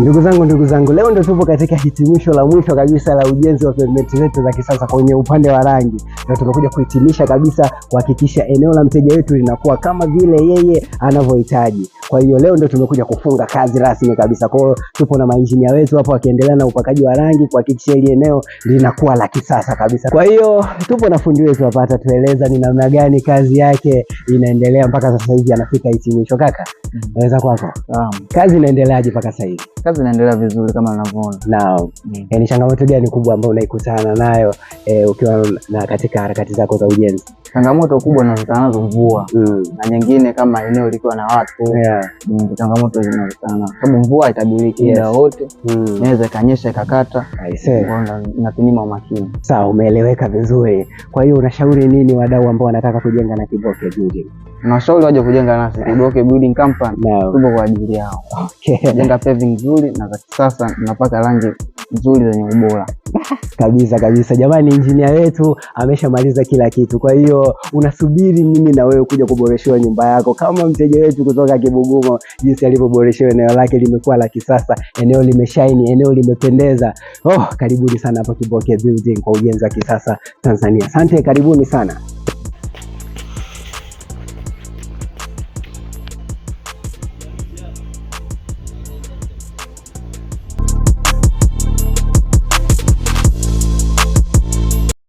Ndugu zangu, ndugu zangu, leo ndo tupo katika hitimisho la mwisho kabisa la ujenzi wa pavement zetu za kisasa kwenye upande wa rangi, na tumekuja kuhitimisha kabisa kuhakikisha eneo la mteja wetu linakuwa kama vile yeye anavyohitaji. Kwa hiyo leo ndo tumekuja kufunga kazi rasmi kabisa. Kwa hiyo tupo na mainjinia wetu hapo wakiendelea na upakaji wa rangi kuhakikisha hili eneo linakuwa la kisasa kabisa. Kwa hiyo tupo na fundi wetu hapa, atatueleza ni namna gani kazi yake inaendelea mpaka sasa hivi anafika hitimisho. Kaka Mm-hmm. naweza kwako. Kazi inaendeleaje mpaka sasa hivi? Kazi inaendelea vizuri kama ninavyoona. Naam. Mm. E, ni yaani changamoto gani kubwa ambayo unaikutana nayo e, ukiwa na katika harakati zako za ujenzi? Changamoto kubwa nazokutana nazo mvua mm. na nyingine kama eneo likiwa na watu yeah. mm, changamoto zinazokutana sababu mvua itabiriki muda yes. wote mm. inaweza ikanyesha ikakata, inapimwa makini. Sawa, umeeleweka vizuri. Kwa hiyo unashauri nini wadau ambao wanataka kujenga na Kiboke Building? Unashauri waje kujenga nasi Kiboke Building Company hapana, tupo kwa ajili yao. Okay, jenga paving nzuri na za kisasa, napaka rangi nzuri zenye ubora kabisa kabisa. Jamani, injinia wetu ameshamaliza kila kitu, kwa hiyo unasubiri mimi na wewe kuja kuboreshewa nyumba yako kama mteja wetu kutoka kibugumo jinsi alivyoboreshewa eneo lake, limekuwa la kisasa, eneo limeshaini, eneo limependeza. Oh, karibuni sana hapa Kiboke Building kwa ujenzi wa kisasa Tanzania. Asante, karibuni sana.